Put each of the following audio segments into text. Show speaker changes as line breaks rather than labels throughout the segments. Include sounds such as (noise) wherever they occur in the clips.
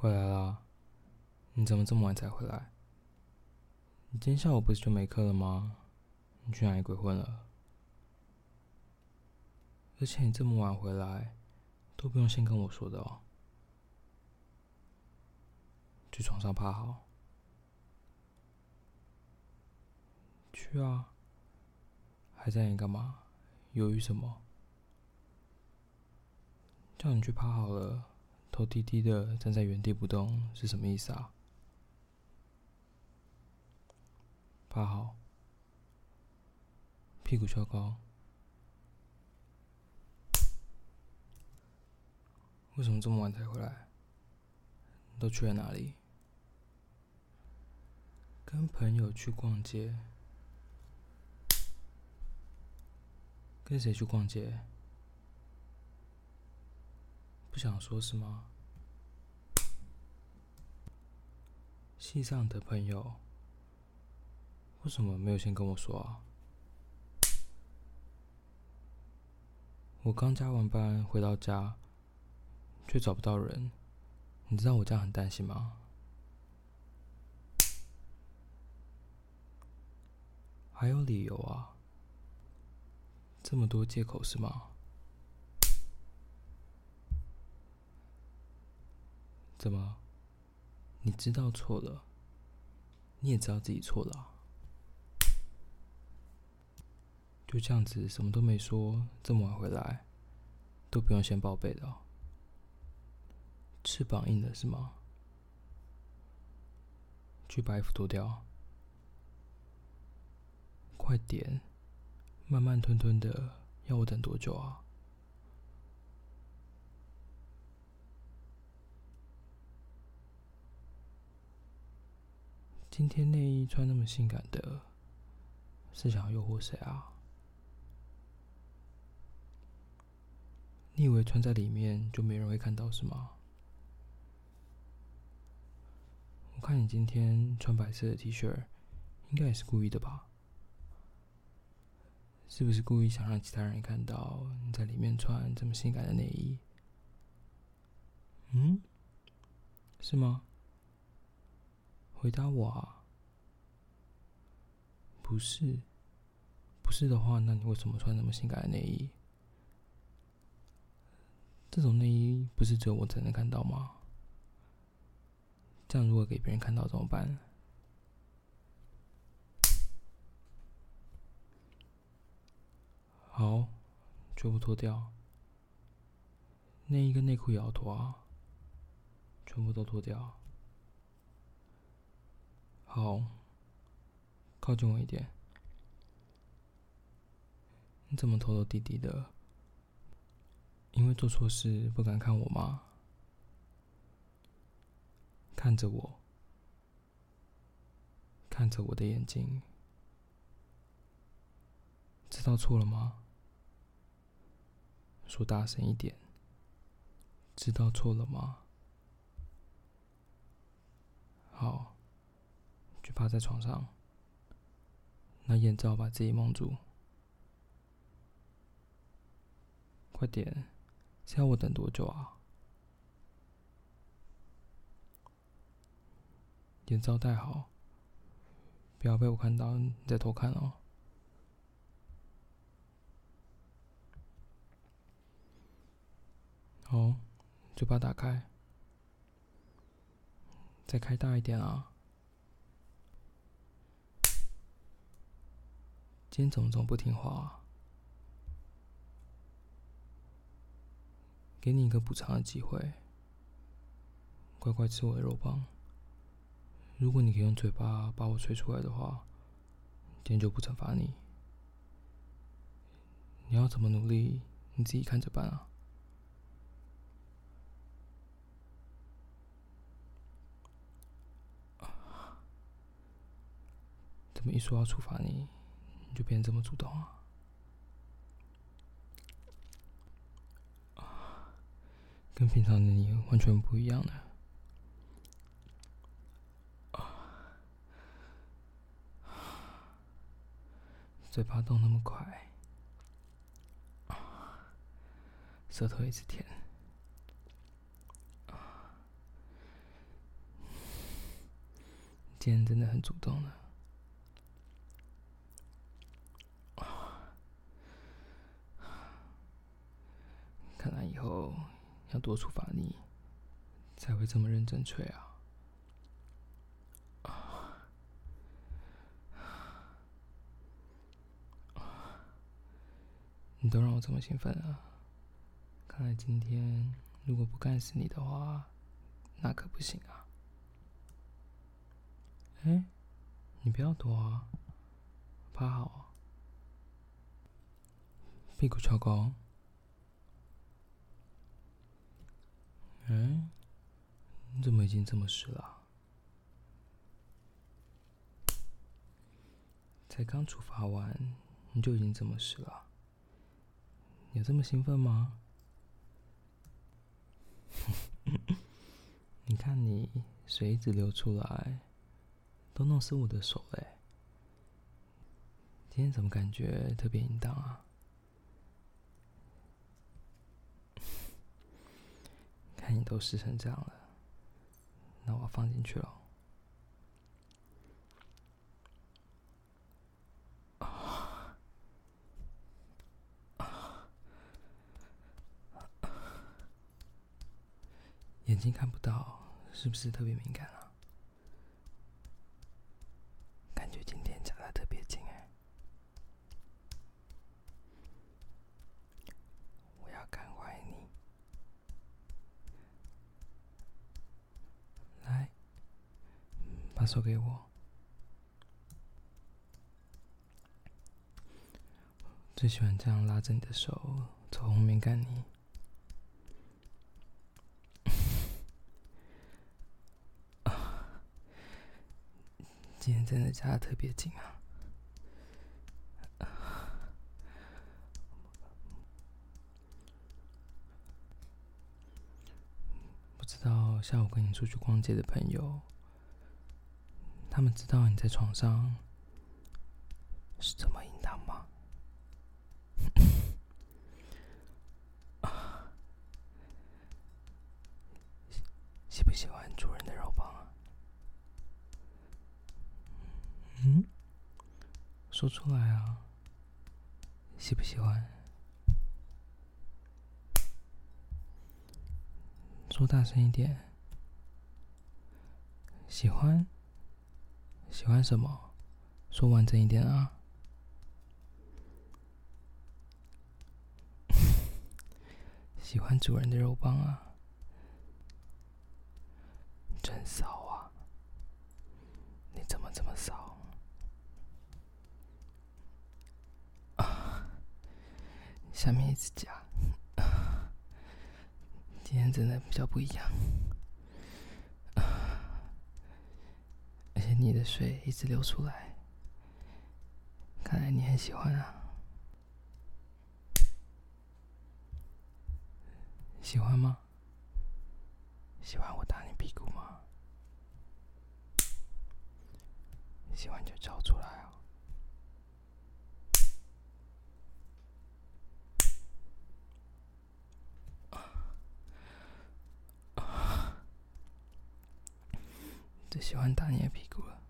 回來啦，你怎麼這麼晚才回來？你今天下午不是就沒課了嗎？你去哪裡鬼混了？而且你這麼晚回來，都不用先跟我說的哦。去床上趴好。去啊，還在你幹嘛？猶豫什麼？叫你去趴好了。頭低低的站在原地不動是什麼意思啊？趴好，屁股翹高。為什麼這麼晚才回來？都去了哪裡？跟朋友去逛街。跟誰去逛街？不想說是嗎？系上的朋友，為什麼沒有先跟我說啊？我剛加完班回到家，卻找不到人，你知道我這樣很擔心嗎？還有理由啊？這麼多借口是嗎？怎麼？你知道錯了，你也知道自己錯了啊？就這樣子，什麼都沒說，這麼晚回來，都不用先報備的？翅膀硬了是嗎？去把衣服脫掉，快點，慢慢吞吞的，要我等多久啊？今天內衣穿那麼性感的，是想要誘惑誰啊？你以為穿在裡面就沒人會看到是嗎？我看你今天穿白色的 T 恤，應該也是故意的吧？是不是故意想讓其他人看到你在裡面穿這麼性感的內衣？嗯，是嗎？回答我啊！不是，不是的話，那你為什麼穿那麼性感的內衣？這種內衣不是只有我才能看到嗎？這樣如果給別人看到怎麼辦？好，全部脫掉。內衣跟內褲也要脫啊！全部都脫掉。好，靠近我一點。你怎麼偷偷地地的？因為做錯事不敢看我嗎？看着我，看着我的眼睛，知道錯了嗎？說大聲一點。知道錯了嗎？好。趴在床上，拿眼罩把自己蒙住。快點，需要我等多久啊？眼罩戴好，不要被我看到，你在偷看哦。好，嘴巴打開，再開大一點啊。今天怎麼這麼不聽話啊？給你一個補償的機會。乖乖吃我的肉棒。如果你可以用嘴巴把我吹出來的話，今天就不懲罰你。你要怎麼努力，你自己看着辦啊！啊，怎麼一說要處罰你？你就變這麼主動啊？跟平常的你完全不一樣了啊。嘴巴動那麼快，舌頭一直舔，今天真的很主動了啊。以後要多處罰你，才會這麼認真吹啊！你都讓我這麼興奮啊！看來今天如果不幹死你的話，那可不行啊！哎，你不要躲啊，趴好啊，屁股翹高。嗯、欸？你怎麼已經這麼濕了？才剛處罰完，你就已經這麼濕了？有這麼興奮嗎？ (laughs) (laughs) 你看你水一直流出來，都弄濕我的手了，欸。今天怎麼感覺特別淫蕩啊？你都濕成這樣了，那我要放進去了。啊，啊，眼睛看不到，是不是特別敏感啊？把手給我，最喜歡這樣拉着你的手，從後面幹你。今天真的夾的特別緊啊！不知道下午跟你出去逛街的朋友，他們知道你在床上是這麼淫蕩嗎？ (laughs) 喜不喜歡主人的肉棒啊？嗯？說出來啊！喜不喜歡？說大聲一點！喜歡。喜歡什麼？說完整一點啊！ (laughs) 喜歡主人的肉棒啊！真騷啊！你怎麼這麼騷？啊！下面一直講。今天真的比較不一樣。你的水一直流出來，看來你很喜歡啊！喜歡嗎？喜歡我打你屁股嗎？喜歡就叫出來啊！最喜歡打你的屁股了！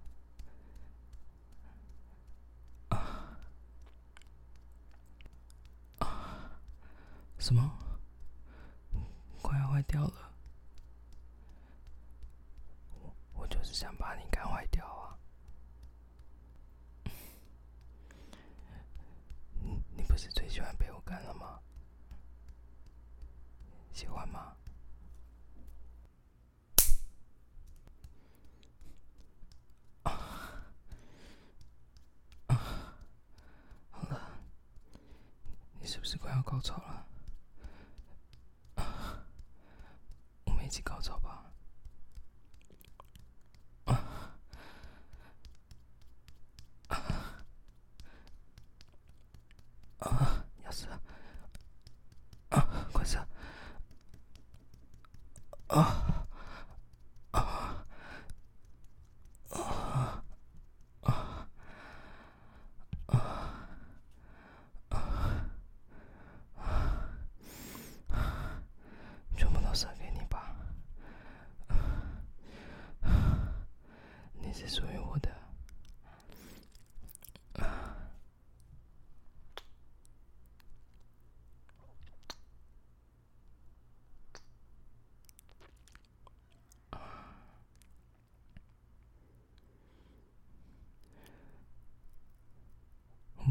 啊啊！什麼？快要壞掉了？我我我就是想把你幹壞掉啊！你你不是最喜歡被我幹了嗎？喜歡嗎？這快要高潮了，啊，我們一起高潮吧！啊啊啊！要死！啊，快、啊、死了！啊！啊啊啊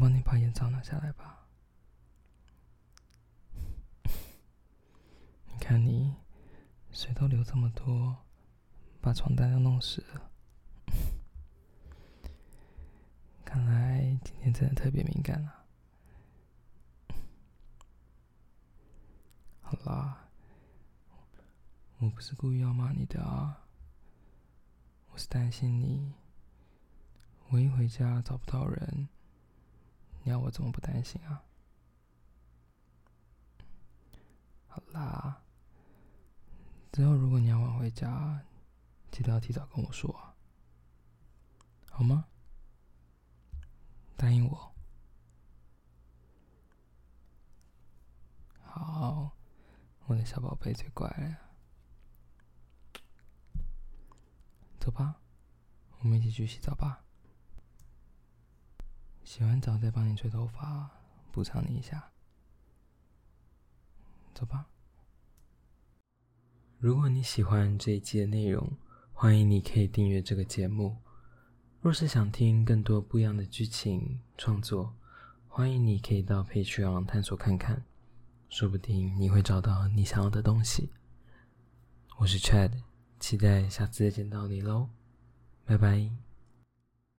我幫你把眼罩拿下來吧。你看你，水都流這麼多，把床單都弄濕了。看來今天真的特別敏感啊。好啦，我不是故意要罵你的啊。我是擔心你，我一回家找不到人。你要我怎麼不擔心啊？好啦，之後如果你要晚回家，記得要提早跟我說，好嗎？答應我。好，我的小寶貝最乖了。走吧，我們一起去洗澡吧。洗完澡再幫你吹頭髮，補償你一下。走吧。如果你喜歡這一期的內容，歡迎你可以訂閱這個節目。若是想聽更多不一樣的劇情創作，歡迎你可以到 Patreon 探索看看，說不定你會找到你想要的東西。我是 Chad，期待下次再見到你嘍，拜拜。